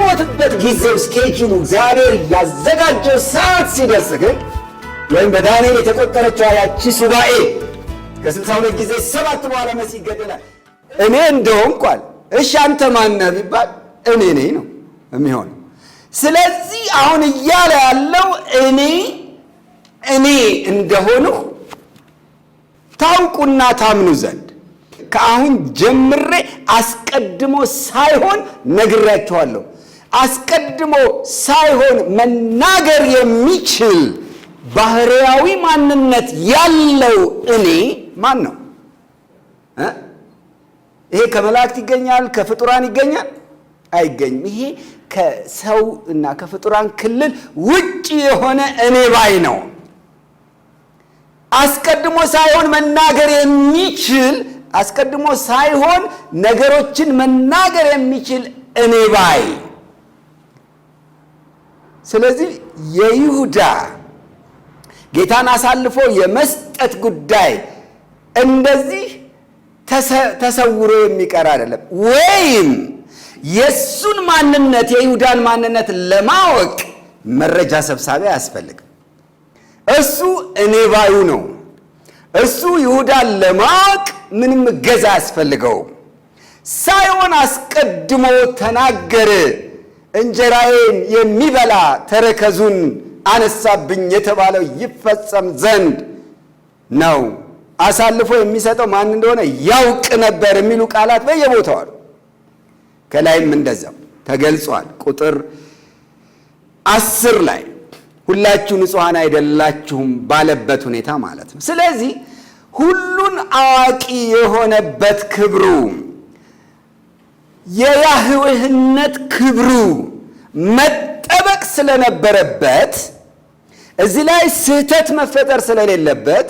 የሚሞትበት ጊዜው ስኬጁሉ እግዚአብሔር ያዘጋጀው ሰዓት ሲደርስ ግን ወይም በዳንኤል የተቆጠረችው ያቺ ሱባኤ ከስልሳ ሁለት ጊዜ ሰባት በኋላ መሲህ ይገደላል። እኔ ቋል እሺ አንተ ማነህ ቢባል እኔ ነኝ ነው የሚሆን። ስለዚህ አሁን እያለ ያለው እኔ እኔ እንደሆንሁ ታውቁና ታምኑ ዘንድ ከአሁን ጀምሬ አስቀድሞ ሳይሆን ነግሬያችኋለሁ። አስቀድሞ ሳይሆን መናገር የሚችል ባህርያዊ ማንነት ያለው እኔ ማን ነው? ይሄ ከመላእክት ይገኛል? ከፍጡራን ይገኛል? አይገኝም። ይሄ ከሰው እና ከፍጡራን ክልል ውጭ የሆነ እኔ ባይ ነው። አስቀድሞ ሳይሆን መናገር የሚችል አስቀድሞ ሳይሆን ነገሮችን መናገር የሚችል እኔ ባይ ስለዚህ የይሁዳ ጌታን አሳልፎ የመስጠት ጉዳይ እንደዚህ ተሰውሮ የሚቀር አይደለም። ወይም የእሱን ማንነት የይሁዳን ማንነት ለማወቅ መረጃ ሰብሳቢ አያስፈልግም። እሱ እኔ ባዩ ነው። እሱ ይሁዳን ለማወቅ ምንም እገዛ አያስፈልገውም። ሳይሆን አስቀድሞ ተናገረ። እንጀራዬን የሚበላ ተረከዙን አነሳብኝ የተባለው ይፈጸም ዘንድ ነው። አሳልፎ የሚሰጠው ማን እንደሆነ ያውቅ ነበር የሚሉ ቃላት በየቦታው አሉ። ከላይም እንደዛው ተገልጿል። ቁጥር አስር ላይ ሁላችሁ ንጹሐን አይደላችሁም ባለበት ሁኔታ ማለት ነው። ስለዚህ ሁሉን አዋቂ የሆነበት ክብሩ የያህዌህነት ክብሩ መጠበቅ ስለነበረበት እዚህ ላይ ስህተት መፈጠር ስለሌለበት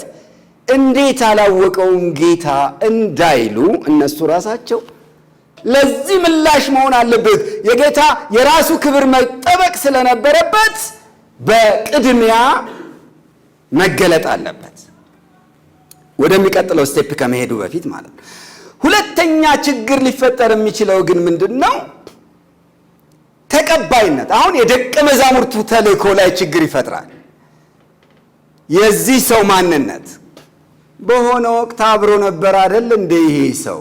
እንዴት አላወቀውም ጌታ እንዳይሉ እነሱ ራሳቸው ለዚህ ምላሽ መሆን አለበት። የጌታ የራሱ ክብር መጠበቅ ስለነበረበት በቅድሚያ መገለጥ አለበት። ወደሚቀጥለው ስቴፕ ከመሄዱ በፊት ማለት ነው። ሁለተኛ ችግር ሊፈጠር የሚችለው ግን ምንድን ነው? ተቀባይነት። አሁን የደቀ መዛሙርቱ ተልእኮ ላይ ችግር ይፈጥራል። የዚህ ሰው ማንነት በሆነ ወቅት አብሮ ነበር አደል እንደ ይሄ ሰው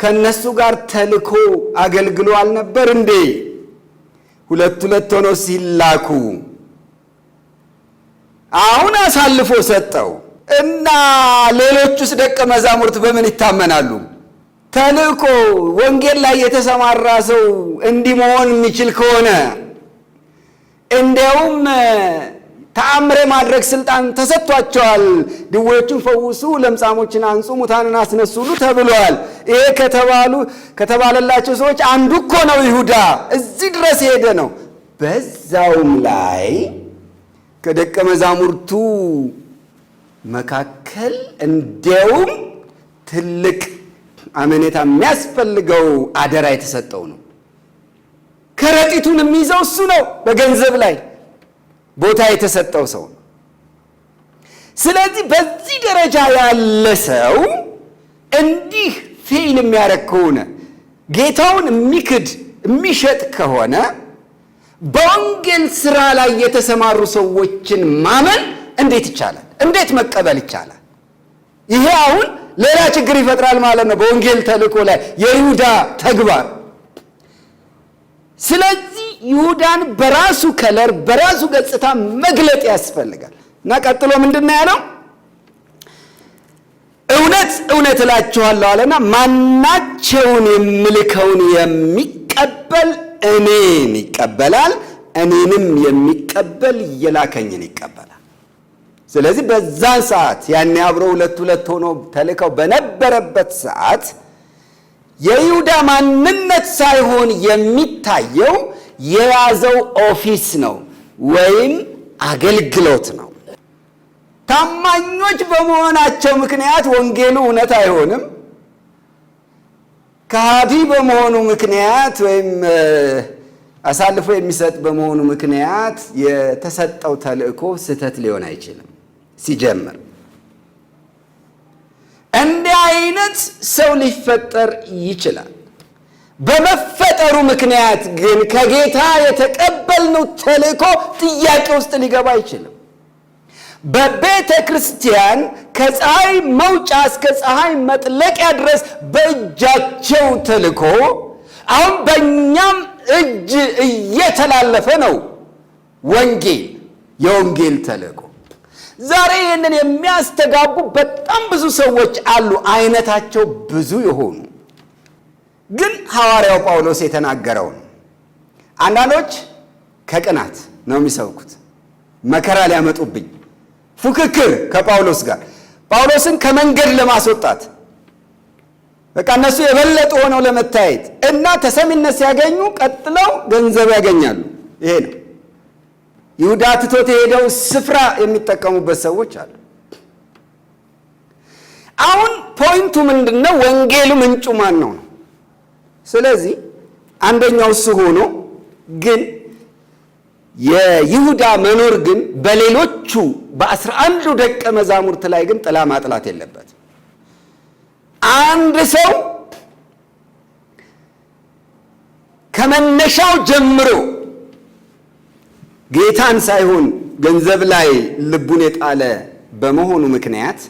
ከነሱ ጋር ተልኮ አገልግሎ አልነበር እንዴ? ሁለት ሁለት ሆኖ ሲላኩ አሁን አሳልፎ ሰጠው። እና ሌሎቹስ ደቀ መዛሙርት በምን ይታመናሉ? ተልእኮ ወንጌል ላይ የተሰማራ ሰው እንዲህ መሆን የሚችል ከሆነ እንዲያውም ተአምሬ ማድረግ ስልጣን ተሰጥቷቸዋል። ድዌዎችን ፈውሱ፣ ለምጻሞችን አንጹ፣ ሙታንን አስነሱ ተብሏል። ተብለዋል። ይሄ ከተባሉ ከተባለላቸው ሰዎች አንዱ እኮ ነው ይሁዳ። እዚህ ድረስ የሄደ ነው። በዛውም ላይ ከደቀ መዛሙርቱ መካከል እንዲያውም ትልቅ አመኔታ የሚያስፈልገው አደራ የተሰጠው ነው። ከረጢቱን የሚይዘው እሱ ነው። በገንዘብ ላይ ቦታ የተሰጠው ሰው ነው። ስለዚህ በዚህ ደረጃ ያለ ሰው እንዲህ ፌል የሚያደርግ ከሆነ ጌታውን የሚክድ የሚሸጥ ከሆነ በወንጌል ስራ ላይ የተሰማሩ ሰዎችን ማመን እንዴት ይቻላል? እንዴት መቀበል ይቻላል? ይሄ አሁን ሌላ ችግር ይፈጥራል ማለት ነው በወንጌል ተልእኮ ላይ የይሁዳ ተግባር። ስለዚህ ይሁዳን በራሱ ከለር በራሱ ገጽታ መግለጥ ያስፈልጋል እና ቀጥሎ ምንድን ነው ያለው? እውነት እውነት እላችኋለሁ አለና ማናቸውን የምልከውን የሚቀበል እኔን ይቀበላል፣ እኔንም የሚቀበል የላከኝን ይቀበላል። ስለዚህ በዛን ሰዓት ያኔ አብሮ ሁለት ሁለት ሆኖ ተልከው በነበረበት ሰዓት የይሁዳ ማንነት ሳይሆን የሚታየው የያዘው ኦፊስ ነው ወይም አገልግሎት ነው። ታማኞች በመሆናቸው ምክንያት ወንጌሉ እውነት አይሆንም። ከሃዲ በመሆኑ ምክንያት ወይም አሳልፎ የሚሰጥ በመሆኑ ምክንያት የተሰጠው ተልእኮ ስህተት ሊሆን አይችልም። ሲጀምር እንዲህ አይነት ሰው ሊፈጠር ይችላል። በመፈጠሩ ምክንያት ግን ከጌታ የተቀበልነው ተልእኮ ጥያቄ ውስጥ ሊገባ አይችልም። በቤተ ክርስቲያን ከፀሐይ መውጫ እስከ ፀሐይ መጥለቂያ ድረስ በእጃቸው ተልእኮ አሁን በእኛም እጅ እየተላለፈ ነው ወንጌል የወንጌል ተልእኮ ዛሬ ይህንን የሚያስተጋቡ በጣም ብዙ ሰዎች አሉ፣ አይነታቸው ብዙ የሆኑ ግን ሐዋርያው ጳውሎስ የተናገረው ነው። አንዳንዶች ከቅናት ነው የሚሰብኩት፣ መከራ ሊያመጡብኝ፣ ፉክክር ከጳውሎስ ጋር ጳውሎስን ከመንገድ ለማስወጣት በቃ እነሱ የበለጡ ሆነው ለመታየት እና ተሰሚነት ሲያገኙ ቀጥለው ገንዘብ ያገኛሉ። ይሄ ነው ይሁዳ ትቶት የሄደው ስፍራ የሚጠቀሙበት ሰዎች አሉ። አሁን ፖይንቱ ምንድን ነው? ወንጌሉ ምንጩ ማን ነው ነው። ስለዚህ አንደኛው እሱ ሆኖ ግን የይሁዳ መኖር ግን በሌሎቹ በአስራ አንዱ ደቀ መዛሙርት ላይ ግን ጥላ ማጥላት የለበትም። አንድ ሰው ከመነሻው ጀምሮ ጌታን ሳይሆን ገንዘብ ላይ ልቡን የጣለ በመሆኑ ምክንያት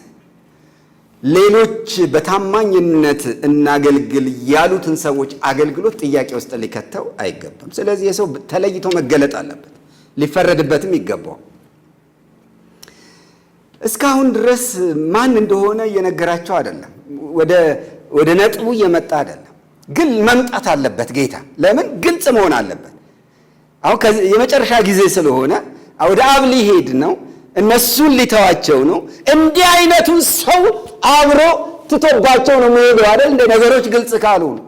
ሌሎች በታማኝነት እናገልግል ያሉትን ሰዎች አገልግሎት ጥያቄ ውስጥ ሊከተው አይገባም። ስለዚህ የሰው ተለይቶ መገለጥ አለበት፣ ሊፈረድበትም ይገባው። እስካሁን ድረስ ማን እንደሆነ እየነገራቸው አይደለም፣ ወደ ነጥቡ እየመጣ አይደለም። ግን መምጣት አለበት ጌታ። ለምን ግልጽ መሆን አለበት። አሁን የመጨረሻ ጊዜ ስለሆነ ወደ አብ ሊሄድ ነው። እነሱን ሊተዋቸው ነው። እንዲህ አይነቱ ሰው አብሮ ትቶባቸው ነው የሚሄደው አይደል? እንደ ነገሮች ግልጽ ካልሆኑ።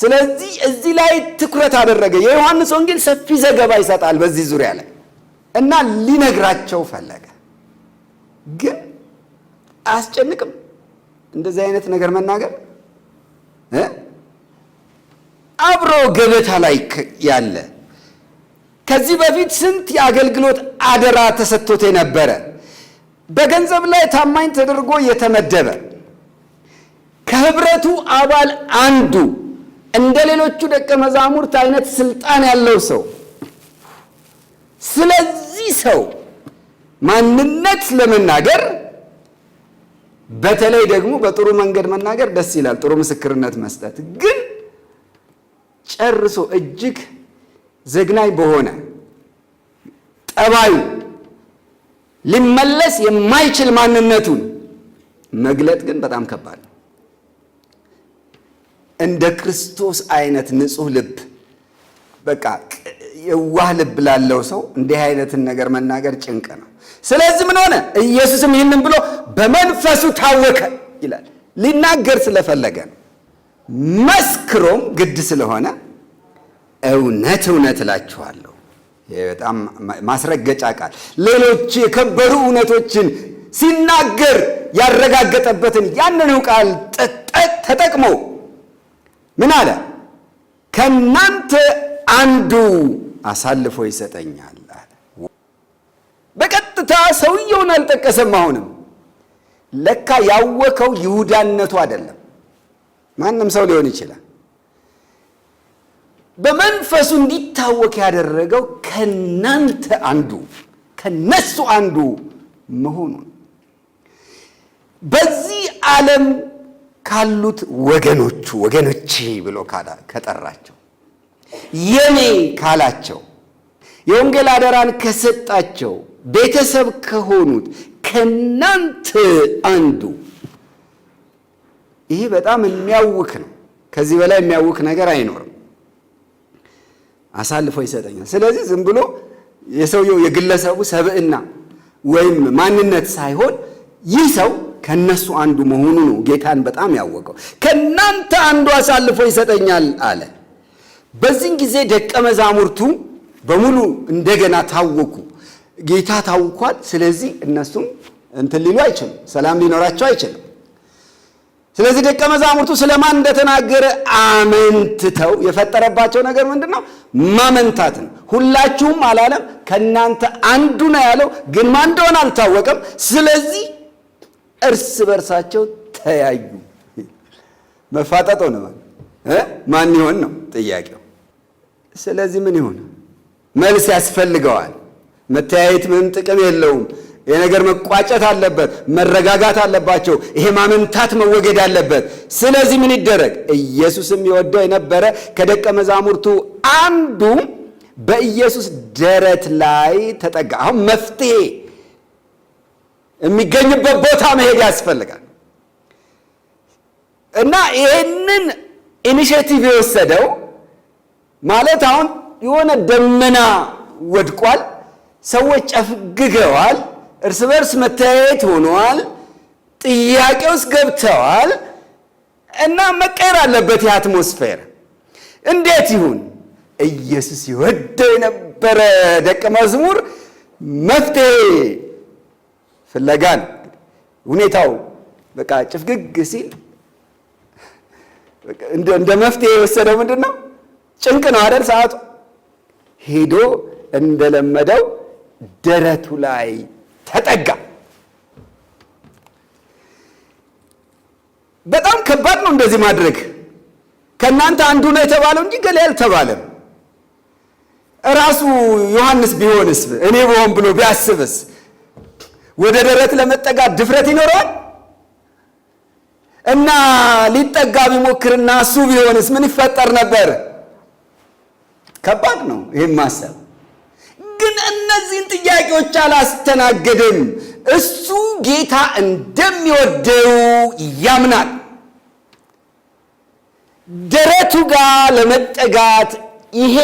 ስለዚህ እዚህ ላይ ትኩረት አደረገ። የዮሐንስ ወንጌል ሰፊ ዘገባ ይሰጣል በዚህ ዙሪያ ላይ እና ሊነግራቸው ፈለገ። ግን አያስጨንቅም እንደዚህ አይነት ነገር መናገር አብሮ ገበታ ላይ ያለ ከዚህ በፊት ስንት የአገልግሎት አደራ ተሰጥቶት የነበረ በገንዘብ ላይ ታማኝ ተደርጎ የተመደበ ከህብረቱ አባል አንዱ እንደ ሌሎቹ ደቀ መዛሙርት አይነት ስልጣን ያለው ሰው ስለዚህ ሰው ማንነት ለመናገር በተለይ ደግሞ በጥሩ መንገድ መናገር ደስ ይላል፣ ጥሩ ምስክርነት መስጠት ግን ጨርሶ እጅግ ዘግናኝ በሆነ ጠባዩ ሊመለስ የማይችል ማንነቱን መግለጥ ግን በጣም ከባድ ነው። እንደ ክርስቶስ አይነት ንጹህ ልብ በቃ የዋህ ልብ ላለው ሰው እንዲህ አይነትን ነገር መናገር ጭንቅ ነው። ስለዚህ ምን ሆነ? ኢየሱስም ይህንን ብሎ በመንፈሱ ታወከ ይላል። ሊናገር ስለፈለገ ነው። መስክሮም ግድ ስለሆነ እውነት እውነት እላችኋለሁ። በጣም ማስረገጫ ቃል። ሌሎች የከበሩ እውነቶችን ሲናገር ያረጋገጠበትን ያንን ቃል ተጠቅሞ ምን አለ? ከእናንተ አንዱ አሳልፎ ይሰጠኛል አለ። በቀጥታ ሰውየውን አልጠቀሰም። አሁንም ለካ ያወከው ይሁዳነቱ አይደለም። ማንም ሰው ሊሆን ይችላል በመንፈሱ እንዲታወቅ ያደረገው ከናንተ አንዱ ከነሱ አንዱ መሆኑን በዚህ ዓለም ካሉት ወገኖቹ ወገኖች ብሎ ከጠራቸው የኔ ካላቸው የወንጌል አደራን ከሰጣቸው ቤተሰብ ከሆኑት ከናንተ አንዱ ይህ በጣም የሚያውክ ነው። ከዚህ በላይ የሚያውክ ነገር አይኖርም። አሳልፎ ይሰጠኛል። ስለዚህ ዝም ብሎ የሰውየው የግለሰቡ ሰብዕና ወይም ማንነት ሳይሆን ይህ ሰው ከነሱ አንዱ መሆኑ ነው ጌታን በጣም ያወቀው። ከእናንተ አንዱ አሳልፎ ይሰጠኛል አለ። በዚህን ጊዜ ደቀ መዛሙርቱ በሙሉ እንደገና ታወኩ። ጌታ ታውኳል። ስለዚህ እነሱም እንትን ሊሉ አይችልም፣ ሰላም ሊኖራቸው አይችልም። ስለዚህ ደቀ መዛሙርቱ ስለማን እንደተናገረ አመንትተው የፈጠረባቸው ነገር ምንድን ነው? ማመንታት ነው። ሁላችሁም አላለም፣ ከእናንተ አንዱ ነው ያለው፣ ግን ማን እንደሆነ አልታወቀም። ስለዚህ እርስ በርሳቸው ተያዩ። መፋጠጥ ሆነ። ማን ይሆን ነው ጥያቄው። ስለዚህ ምን ይሆን መልስ ያስፈልገዋል። መተያየት ምንም ጥቅም የለውም። ይሄ ነገር መቋጨት አለበት፣ መረጋጋት አለባቸው። ይሄ ማመንታት መወገድ አለበት። ስለዚህ ምን ይደረግ? ኢየሱስም ይወደው የነበረ ከደቀ መዛሙርቱ አንዱ በኢየሱስ ደረት ላይ ተጠጋ። አሁን መፍትሄ የሚገኝበት ቦታ መሄድ ያስፈልጋል እና ይህንን ኢኒሽቲቭ የወሰደው ማለት አሁን የሆነ ደመና ወድቋል። ሰዎች ጨፍግገዋል። እርስ በርስ መተያየት ሆነዋል። ጥያቄ ውስጥ ገብተዋል እና መቀየር አለበት የአትሞስፌር። እንዴት ይሁን? ኢየሱስ ይወደው የነበረ ደቀ መዝሙር መፍትሄ ፍለጋን ሁኔታው በቃ ጭፍግግ ሲል እንደ መፍትሄ የወሰደው ምንድን ነው? ጭንቅ ነው አደል? ሰዓቱ ሄዶ እንደለመደው ደረቱ ላይ ተጠጋ። በጣም ከባድ ነው እንደዚህ ማድረግ። ከእናንተ አንዱ ነው የተባለው እንጂ ገሌ አልተባለም። ራሱ ዮሐንስ ቢሆንስ እኔ ብሆን ብሎ ቢያስብስ ወደ ደረት ለመጠጋት ድፍረት ይኖረዋል? እና ሊጠጋ ቢሞክርና እሱ ቢሆንስ ምን ይፈጠር ነበር? ከባድ ነው ይህም ማሰብ። ግን እነዚህን ጥያቄዎች አላስተናገድም። እሱ ጌታ እንደሚወደው ያምናል። ደረቱ ጋር ለመጠጋት ይሄ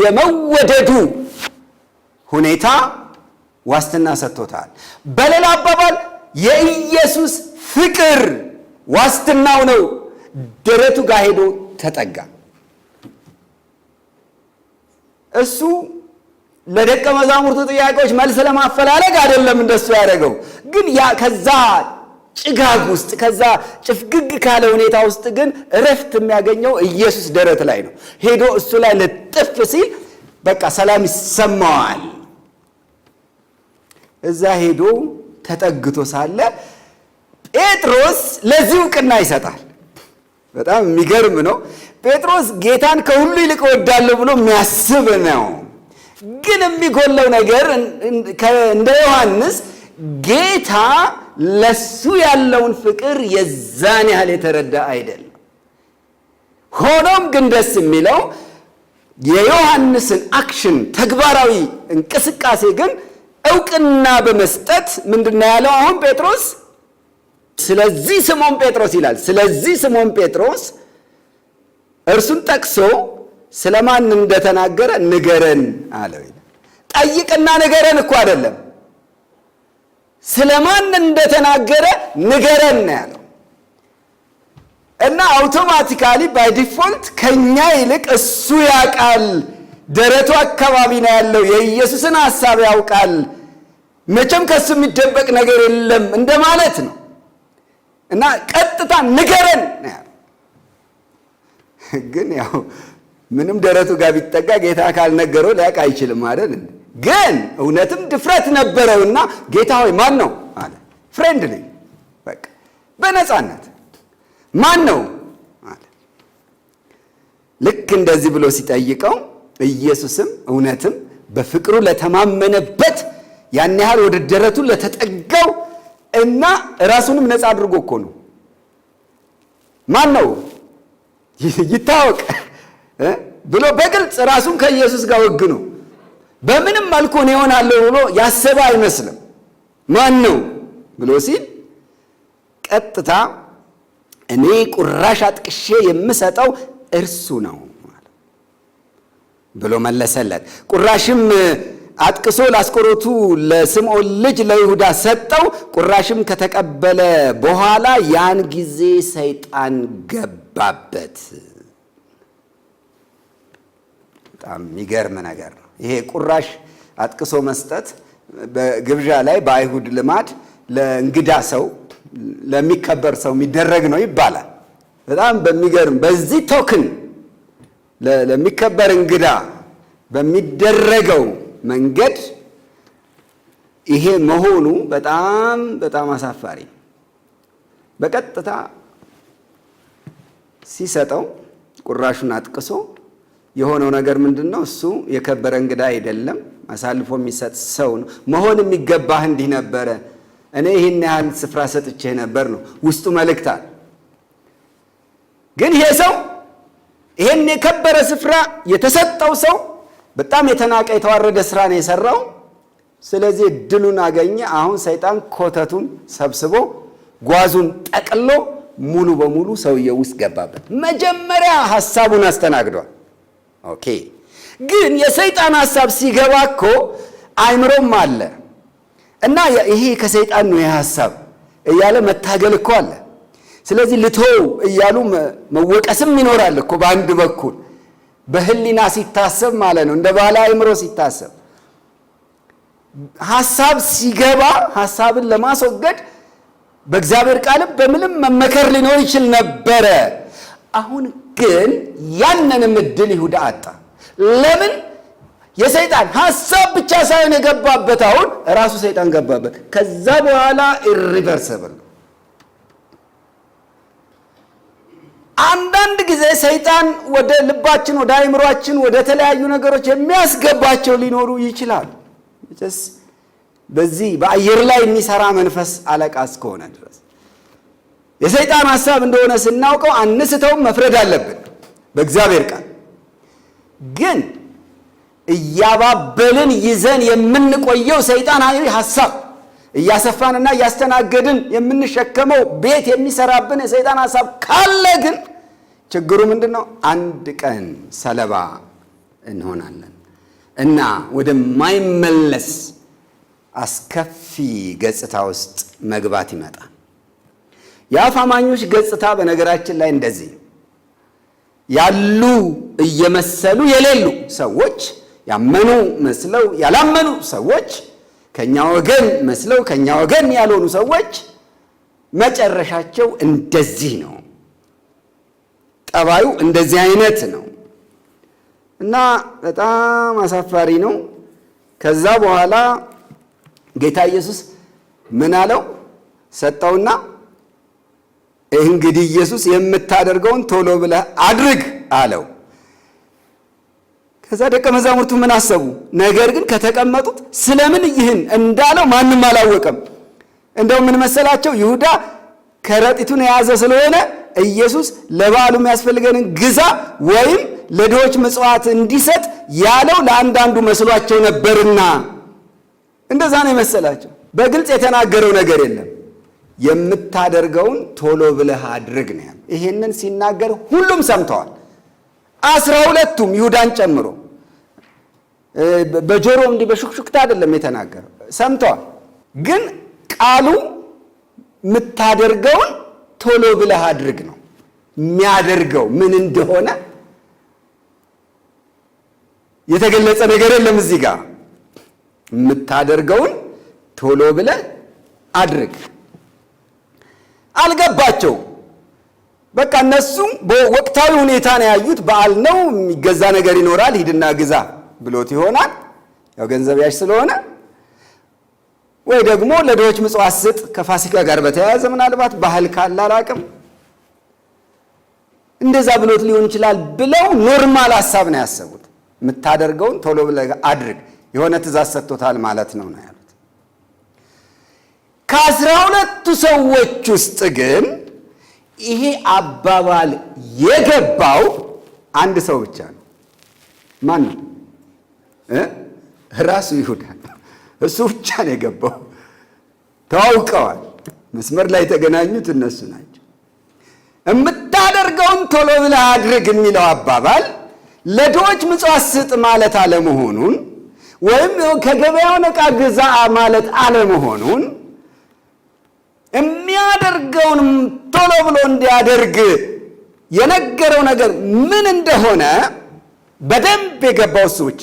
የመወደዱ ሁኔታ ዋስትና ሰጥቶታል። በሌላ አባባል የኢየሱስ ፍቅር ዋስትናው ነው። ደረቱ ጋር ሄዶ ተጠጋ እሱ ለደቀ መዛሙርቱ ጥያቄዎች መልስ ለማፈላለግ አይደለም እንደሱ ያደረገው። ግን ከዛ ጭጋግ ውስጥ ከዛ ጭፍግግ ካለ ሁኔታ ውስጥ ግን እረፍት የሚያገኘው ኢየሱስ ደረት ላይ ነው። ሄዶ እሱ ላይ ልጥፍ ሲል በቃ ሰላም ይሰማዋል። እዛ ሄዶ ተጠግቶ ሳለ ጴጥሮስ ለዚህ እውቅና ይሰጣል። በጣም የሚገርም ነው። ጴጥሮስ ጌታን ከሁሉ ይልቅ ወዳለሁ ብሎ የሚያስብ ነው። ግን የሚጎለው ነገር እንደ ዮሐንስ ጌታ ለሱ ያለውን ፍቅር የዛን ያህል የተረዳ አይደለም። ሆኖም ግን ደስ የሚለው የዮሐንስን አክሽን ተግባራዊ እንቅስቃሴ ግን እውቅና በመስጠት ምንድነው ያለው? አሁን ጴጥሮስ ስለዚህ ስሞን ጴጥሮስ ይላል። ስለዚህ ስሞን ጴጥሮስ እርሱን ጠቅሶ ስለማን እንደተናገረ ንገረን አለው። ጠይቅና ንገረን እኮ አይደለም፣ ስለማን እንደተናገረ ንገረን ነው ያለው። እና አውቶማቲካሊ ባይ ዲፎልት ከኛ ይልቅ እሱ ያውቃል። ደረቱ አካባቢ ነው ያለው። የኢየሱስን ሐሳብ ያውቃል። መቼም ከሱ የሚደበቅ ነገር የለም እንደማለት ነው። እና ቀጥታ ንገረን ግን ያው ምንም ደረቱ ጋር ቢጠጋ ጌታ ካልነገረው ሊያውቅ አይችልም አይደል? ግን እውነትም ድፍረት ነበረውና ጌታ ሆይ ማን ነው አለ። ፍሬንድ ነኝ በቃ በነፃነት ማን ነው አለ። ልክ እንደዚህ ብሎ ሲጠይቀው ኢየሱስም እውነትም በፍቅሩ ለተማመነበት ያን ያህል ወደ ደረቱ ለተጠጋው እና ራሱንም ነፃ አድርጎ እኮ ነው ማን ነው ይታወቅ ብሎ በግልጽ ራሱን ከኢየሱስ ጋር ወግ ነው። በምንም መልኩ እኔ እሆናለሁ ብሎ ያሰበ አይመስልም። ማን ነው ብሎ ሲል ቀጥታ እኔ ቁራሽ አጥቅሼ የምሰጠው እርሱ ነው ብሎ መለሰለት። ቁራሽም አጥቅሶ ለአስቆሮቱ ለስምዖን ልጅ ለይሁዳ ሰጠው። ቁራሽም ከተቀበለ በኋላ ያን ጊዜ ሰይጣን ገባበት። በጣም የሚገርም ነገር ነው። ይሄ ቁራሽ አጥቅሶ መስጠት በግብዣ ላይ በአይሁድ ልማድ ለእንግዳ ሰው ለሚከበር ሰው የሚደረግ ነው ይባላል። በጣም በሚገርም በዚህ ቶክን ለሚከበር እንግዳ በሚደረገው መንገድ ይሄ መሆኑ በጣም በጣም አሳፋሪ። በቀጥታ ሲሰጠው ቁራሹን አጥቅሶ የሆነው ነገር ምንድን ነው? እሱ የከበረ እንግዳ አይደለም፣ አሳልፎ የሚሰጥ ሰው ነው። መሆን የሚገባህ እንዲህ ነበረ፣ እኔ ይህን ያህል ስፍራ ሰጥቼህ ነበር ነው ውስጡ መልእክታል። ግን ይሄ ሰው ይሄን የከበረ ስፍራ የተሰጠው ሰው በጣም የተናቀ የተዋረደ ስራ ነው የሰራው። ስለዚህ ድሉን አገኘ። አሁን ሰይጣን ኮተቱን ሰብስቦ ጓዙን ጠቅሎ ሙሉ በሙሉ ሰውየው ውስጥ ገባበት። መጀመሪያ ሀሳቡን አስተናግዷል። ኦኬ። ግን የሰይጣን ሐሳብ ሲገባ እኮ አይምሮም አለ እና ይሄ ከሰይጣን ነው ይሄ እያለ መታገል እኮ አለ። ስለዚህ ልቶ እያሉ መወቀስም ይኖራል እኮ በአንድ በኩል በህሊና ሲታሰብ ማለት ነው እንደ ባለ አይምሮ ሲታሰብ ሐሳብ ሲገባ ሐሳብን ለማስወገድ በእግዚአብሔር ቃልም በምንም መመከር ሊኖር ይችል ነበረ። አሁን ግን ያንንም እድል ይሁዳ አጣ። ለምን? የሰይጣን ሀሳብ ብቻ ሳይሆን የገባበት አሁን ራሱ ሰይጣን ገባበት። ከዛ በኋላ ኢሪቨርሰብል ነው። አንዳንድ ጊዜ ሰይጣን ወደ ልባችን፣ ወደ አይምሯችን ወደ ተለያዩ ነገሮች የሚያስገባቸው ሊኖሩ ይችላል። በዚህ በአየር ላይ የሚሰራ መንፈስ አለቃ እስከሆነ ድረስ የሰይጣን ሐሳብ እንደሆነ ስናውቀው አንስተውም መፍረድ አለብን በእግዚአብሔር ቃል ግን እያባበልን ይዘን የምንቆየው ሰይጣናዊ ሐሳብ እያሰፋንና እያስተናገድን የምንሸከመው ቤት የሚሰራብን የሰይጣን ሐሳብ ካለ ግን ችግሩ ምንድን ነው? አንድ ቀን ሰለባ እንሆናለን እና ወደማይመለስ አስከፊ ገጽታ ውስጥ መግባት ይመጣል። የአፍ አማኞች ገጽታ በነገራችን ላይ እንደዚህ ያሉ እየመሰሉ የሌሉ ሰዎች ያመኑ መስለው ያላመኑ ሰዎች ከኛ ወገን መስለው ከኛ ወገን ያልሆኑ ሰዎች መጨረሻቸው እንደዚህ ነው። ጠባዩ እንደዚህ አይነት ነው እና በጣም አሳፋሪ ነው። ከዛ በኋላ ጌታ ኢየሱስ ምን አለው ሰጠውና እንግዲህ ኢየሱስ የምታደርገውን ቶሎ ብለህ አድርግ አለው። ከዛ ደቀ መዛሙርቱ ምን አሰቡ? ነገር ግን ከተቀመጡት ስለምን ይህን እንዳለው ማንም አላወቀም። እንደው ምን መሰላቸው? ይሁዳ ከረጢቱን የያዘ ስለሆነ ኢየሱስ ለበዓሉ የሚያስፈልገንን ግዛ ወይም ለድሆች ምጽዋት እንዲሰጥ ያለው ለአንዳንዱ መስሏቸው ነበርና እንደዛ ነው የመሰላቸው። በግልጽ የተናገረው ነገር የለም። የምታደርገውን ቶሎ ብለህ አድርግ ነው። ይሄንን ሲናገር ሁሉም ሰምተዋል። አስራ ሁለቱም ይሁዳን ጨምሮ በጆሮ እንዲህ በሹክሹክታ አይደለም የተናገረው፣ ሰምተዋል። ግን ቃሉ የምታደርገውን ቶሎ ብለህ አድርግ ነው። የሚያደርገው ምን እንደሆነ የተገለጸ ነገር የለም። እዚህ ጋር የምታደርገውን ቶሎ ብለህ አድርግ አልገባቸው። በቃ እነሱ ወቅታዊ ሁኔታ ነው ያዩት። በዓል ነው የሚገዛ ነገር ይኖራል፣ ሂድና ግዛ ብሎት ይሆናል። ያው ገንዘብ ያሽ ስለሆነ ወይ ደግሞ ለድሆች ምጽዋት ስጥ፣ ከፋሲካ ጋር በተያያዘ ምናልባት ባህል ካለ አላቅም እንደዛ ብሎት ሊሆን ይችላል ብለው ኖርማል ሀሳብ ነው ያሰቡት። የምታደርገውን ቶሎ ብለህ አድርግ፣ የሆነ ትእዛዝ ሰጥቶታል ማለት ነው ነው ከአስራ ሁለቱ ሰዎች ውስጥ ግን ይሄ አባባል የገባው አንድ ሰው ብቻ ነው። ማን ነው? ራሱ ይሁዳ ነው። እሱ ብቻ ነው የገባው። ተዋውቀዋል። መስመር ላይ የተገናኙት እነሱ ናቸው። የምታደርገውን ቶሎ ብለህ አድርግ የሚለው አባባል ለድሆች ምጽዋት ስጥ ማለት አለመሆኑን ወይም ከገበያውን ነቃ ግዛ ማለት አለመሆኑን የሚያደርገውንም ቶሎ ብሎ እንዲያደርግ የነገረው ነገር ምን እንደሆነ በደንብ የገባው እሱ ብቻ።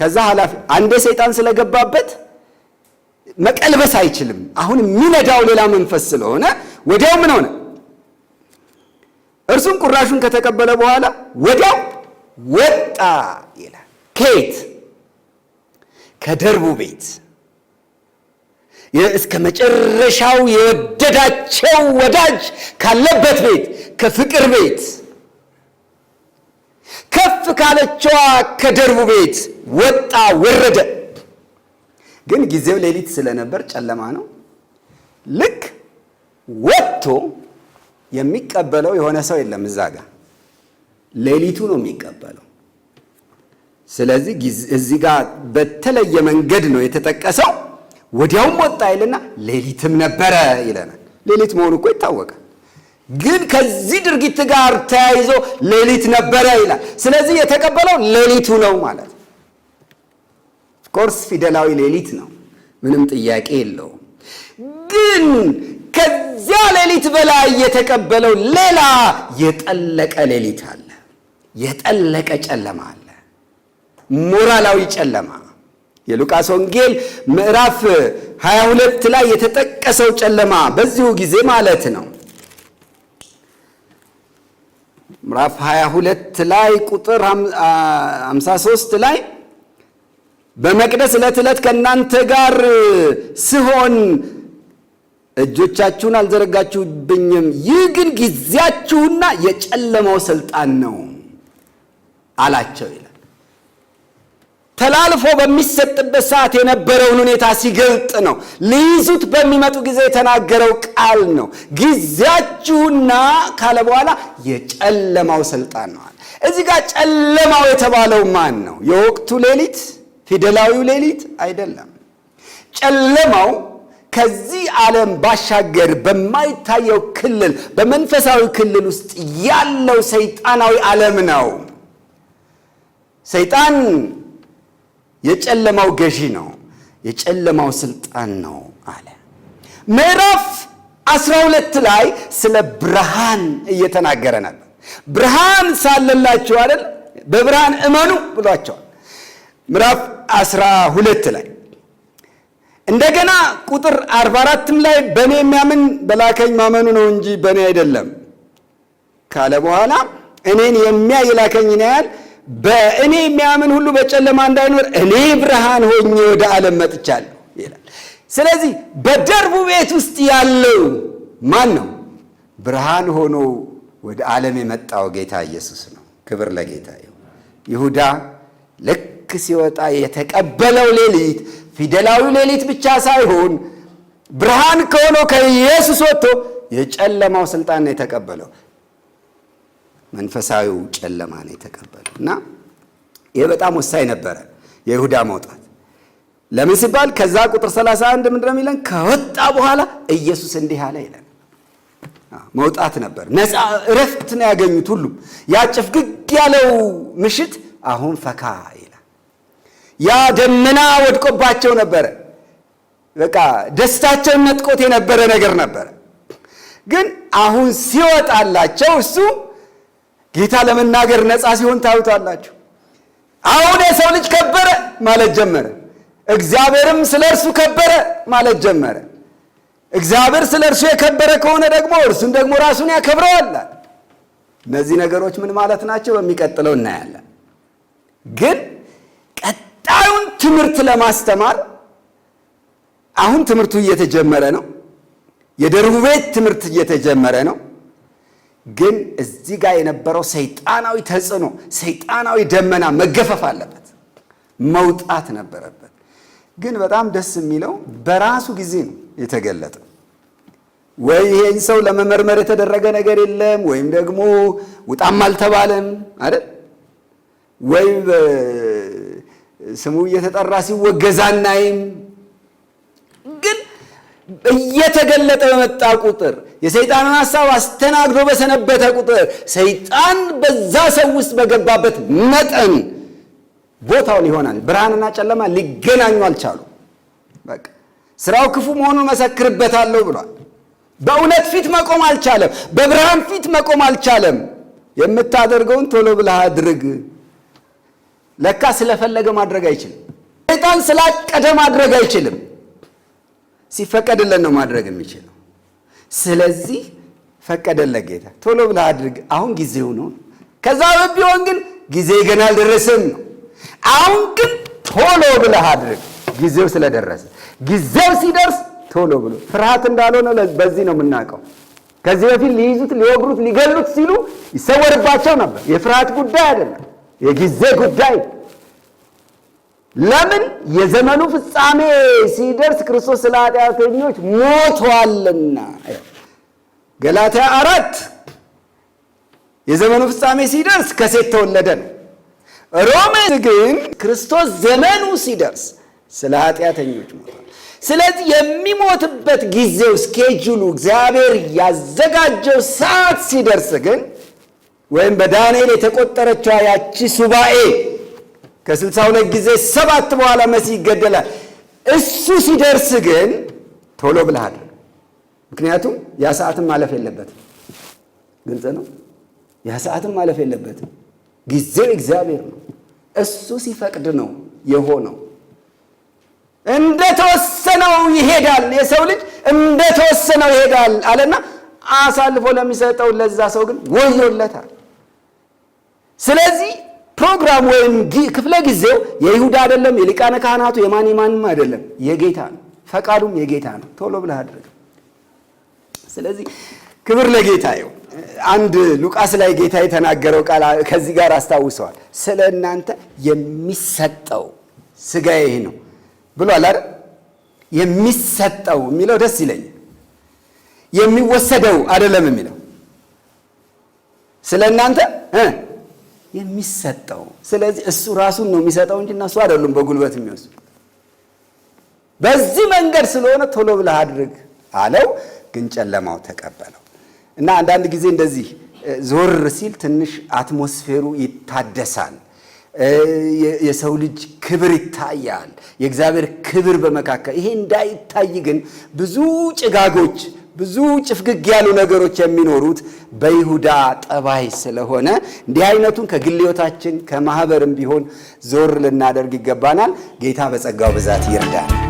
ከዛ ኃላፊ አንዴ ሰይጣን ስለገባበት መቀልበስ አይችልም። አሁን የሚነዳው ሌላ መንፈስ ስለሆነ ወዲያው ምን ሆነ? እርሱም ቁራሹን ከተቀበለ በኋላ ወዲያው ወጣ ይላል። ከየት? ከደርቡ ቤት እስከ መጨረሻው የወደዳቸው ወዳጅ ካለበት ቤት ከፍቅር ቤት ከፍ ካለችዋ ከደርቡ ቤት ወጣ ወረደ። ግን ጊዜው ሌሊት ስለነበር ጨለማ ነው። ልክ ወጥቶ የሚቀበለው የሆነ ሰው የለም እዛ ጋር ሌሊቱ ነው የሚቀበለው። ስለዚህ እዚህ ጋር በተለየ መንገድ ነው የተጠቀሰው። ወዲያውም ወጣ ይልና ሌሊትም ነበረ ይለናል። ሌሊት መሆኑ እኮ ይታወቃል። ግን ከዚህ ድርጊት ጋር ተያይዞ ሌሊት ነበረ ይላል። ስለዚህ የተቀበለው ሌሊቱ ነው ማለት ኮርስ ፊደላዊ ሌሊት ነው፣ ምንም ጥያቄ የለውም። ግን ከዚያ ሌሊት በላይ የተቀበለው ሌላ የጠለቀ ሌሊት አለ፣ የጠለቀ ጨለማ አለ፣ ሞራላዊ ጨለማ የሉቃስ ወንጌል ምዕራፍ 22 ላይ የተጠቀሰው ጨለማ በዚሁ ጊዜ ማለት ነው። ምዕራፍ 22 ላይ ቁጥር 53 ላይ በመቅደስ ዕለት ዕለት ከእናንተ ጋር ስሆን እጆቻችሁን አልዘረጋችሁብኝም። ይህ ግን ጊዜያችሁና የጨለማው ሥልጣን ነው አላቸው ይላል። ተላልፎ በሚሰጥበት ሰዓት የነበረውን ሁኔታ ሲገልጥ ነው። ሊይዙት በሚመጡ ጊዜ የተናገረው ቃል ነው። ጊዜያችሁና ካለ በኋላ የጨለማው ስልጣን ነው እዚህ ጋር ጨለማው የተባለው ማን ነው? የወቅቱ ሌሊት፣ ፊደላዊው ሌሊት አይደለም። ጨለማው ከዚህ ዓለም ባሻገር በማይታየው ክልል፣ በመንፈሳዊ ክልል ውስጥ ያለው ሰይጣናዊ ዓለም ነው። ሰይጣን የጨለማው ገዢ ነው፣ የጨለማው ስልጣን ነው አለ። ምዕራፍ 12 ላይ ስለ ብርሃን እየተናገረ ነበር። ብርሃን ሳለላችሁ አይደል በብርሃን እመኑ ብሏቸዋል። ምዕራፍ 12 ላይ እንደገና ቁጥር 44ም ላይ በእኔ የሚያምን በላከኝ ማመኑ ነው እንጂ በእኔ አይደለም ካለ በኋላ እኔን የሚያይ ላከኝን ያያል በእኔ የሚያምን ሁሉ በጨለማ እንዳይኖር እኔ ብርሃን ሆኜ ወደ ዓለም መጥቻለሁ ይላል። ስለዚህ በደርቡ ቤት ውስጥ ያለው ማን ነው? ብርሃን ሆኖ ወደ ዓለም የመጣው ጌታ ኢየሱስ ነው። ክብር ለጌታ ይሁን። ይሁዳ ልክ ሲወጣ የተቀበለው ሌሊት ፊደላዊ ሌሊት ብቻ ሳይሆን ብርሃን ከሆነው ከኢየሱስ ወጥቶ የጨለማው ስልጣን ነው የተቀበለው። መንፈሳዊው ጨለማ ነው የተቀበለው እና ይህ በጣም ወሳኝ ነበረ የይሁዳ መውጣት። ለምን ሲባል ከዛ ቁጥር 31 ምንድነው የሚለን? ከወጣ በኋላ ኢየሱስ እንዲህ አለ ይለን። መውጣት ነበር፣ ነፃ እረፍት ነው ያገኙት ሁሉ ያ ጭፍግግ ያለው ምሽት አሁን ፈካ ይላል። ያ ደመና ወድቆባቸው ነበረ። በቃ ደስታቸውን ነጥቆት የነበረ ነገር ነበረ። ግን አሁን ሲወጣላቸው እሱ ጌታ ለመናገር ነፃ ሲሆን ታዩታላችሁ። አሁን የሰው ልጅ ከበረ ማለት ጀመረ። እግዚአብሔርም ስለ እርሱ ከበረ ማለት ጀመረ። እግዚአብሔር ስለ እርሱ የከበረ ከሆነ ደግሞ እርሱን ደግሞ ራሱን ያከብረዋል። እነዚህ ነገሮች ምን ማለት ናቸው? በሚቀጥለው እናያለን። ግን ቀጣዩን ትምህርት ለማስተማር አሁን ትምህርቱ እየተጀመረ ነው። የደርቡ ቤት ትምህርት እየተጀመረ ነው። ግን እዚህ ጋር የነበረው ሰይጣናዊ ተጽዕኖ፣ ሰይጣናዊ ደመና መገፈፍ አለበት፣ መውጣት ነበረበት። ግን በጣም ደስ የሚለው በራሱ ጊዜ ነው የተገለጠ። ወይ ይሄን ሰው ለመመርመር የተደረገ ነገር የለም፣ ወይም ደግሞ ውጣም አልተባለም አይደል? ወይ ስሙ እየተጠራ ሲወገዛ እናይም እየተገለጠ በመጣ ቁጥር የሰይጣንን ሐሳብ አስተናግዶ በሰነበተ ቁጥር ሰይጣን በዛ ሰው ውስጥ በገባበት መጠን ቦታው ይሆናል። ብርሃንና ጨለማ ሊገናኙ አልቻሉ። ስራው ክፉ መሆኑን መሰክርበታለሁ ብሏል። በእውነት ፊት መቆም አልቻለም። በብርሃን ፊት መቆም አልቻለም። የምታደርገውን ቶሎ ብለህ አድርግ። ለካ ስለፈለገ ማድረግ አይችልም። ሰይጣን ስላቀደ ማድረግ አይችልም። ሲፈቀድለን ነው ማድረግ የሚችለው። ስለዚህ ፈቀደለ ጌታ። ቶሎ ብለህ አድርግ፣ አሁን ጊዜው ነው። ከዛ ቢሆን ግን ጊዜ ገና አልደረሰም ነው። አሁን ግን ቶሎ ብለህ አድርግ፣ ጊዜው ስለደረሰ። ጊዜው ሲደርስ ቶሎ ብሎ ፍርሃት እንዳልሆነ በዚህ ነው የምናውቀው። ከዚህ በፊት ሊይዙት፣ ሊወግሩት፣ ሊገሉት ሲሉ ይሰወርባቸው ነበር። የፍርሃት ጉዳይ አይደለም፣ የጊዜ ጉዳይ ለምን? የዘመኑ ፍጻሜ ሲደርስ ክርስቶስ ስለ ኃጢአተኞች ሞቷልና። ገላትያ አራት የዘመኑ ፍጻሜ ሲደርስ ከሴት ተወለደ ነው። ሮሜ ግን ክርስቶስ ዘመኑ ሲደርስ ስለ ኃጢአተኞች ሞቷል። ስለዚህ የሚሞትበት ጊዜው ስኬጁሉ እግዚአብሔር ያዘጋጀው ሰዓት ሲደርስ ግን ወይም በዳንኤል የተቆጠረችው ያቺ ሱባኤ ከስልሳ ሁለት ጊዜ ሰባት በኋላ መሲህ ይገደላል። እሱ ሲደርስ ግን ቶሎ ብለህ አድርግ። ምክንያቱም ያ ሰዓትም ማለፍ የለበትም። ግልጽ ነው። ያ ሰዓትም ማለፍ የለበትም። ጊዜው እግዚአብሔር ነው። እሱ ሲፈቅድ ነው የሆነው። እንደተወሰነው ይሄዳል። የሰው ልጅ እንደተወሰነው ይሄዳል አለና አሳልፎ ለሚሰጠው ለዛ ሰው ግን ወዮለታል። ስለዚህ ፕሮግራም ወይም ክፍለ ጊዜው የይሁዳ አይደለም፣ የሊቃነ ካህናቱ የማን የማንም አይደለም፣ የጌታ ነው። ፈቃዱም የጌታ ነው። ቶሎ ብለህ አድርግ። ስለዚህ ክብር ለጌታ ይሁን። አንድ ሉቃስ ላይ ጌታ የተናገረው ቃል ከዚህ ጋር አስታውሰዋል። ስለ እናንተ የሚሰጠው ስጋ ይህ ነው ብሏል አይደል? የሚሰጠው የሚለው ደስ ይለኛል። የሚወሰደው አይደለም የሚለው ስለ እናንተ የሚሰጠው። ስለዚህ እሱ ራሱን ነው የሚሰጠው እንጂ እነሱ አይደሉም በጉልበት የሚወስዱ። በዚህ መንገድ ስለሆነ ቶሎ ብለህ አድርግ አለው፣ ግን ጨለማው ተቀበለው እና አንዳንድ ጊዜ እንደዚህ ዞር ሲል ትንሽ አትሞስፌሩ ይታደሳል። የሰው ልጅ ክብር ይታያል። የእግዚአብሔር ክብር በመካከል ይሄ እንዳይታይ ግን ብዙ ጭጋጎች ብዙ ጭፍግግ ያሉ ነገሮች የሚኖሩት በይሁዳ ጠባይ ስለሆነ እንዲህ አይነቱን ከግልዮታችን ከማህበርም ቢሆን ዞር ልናደርግ ይገባናል። ጌታ በጸጋው ብዛት ይርዳል።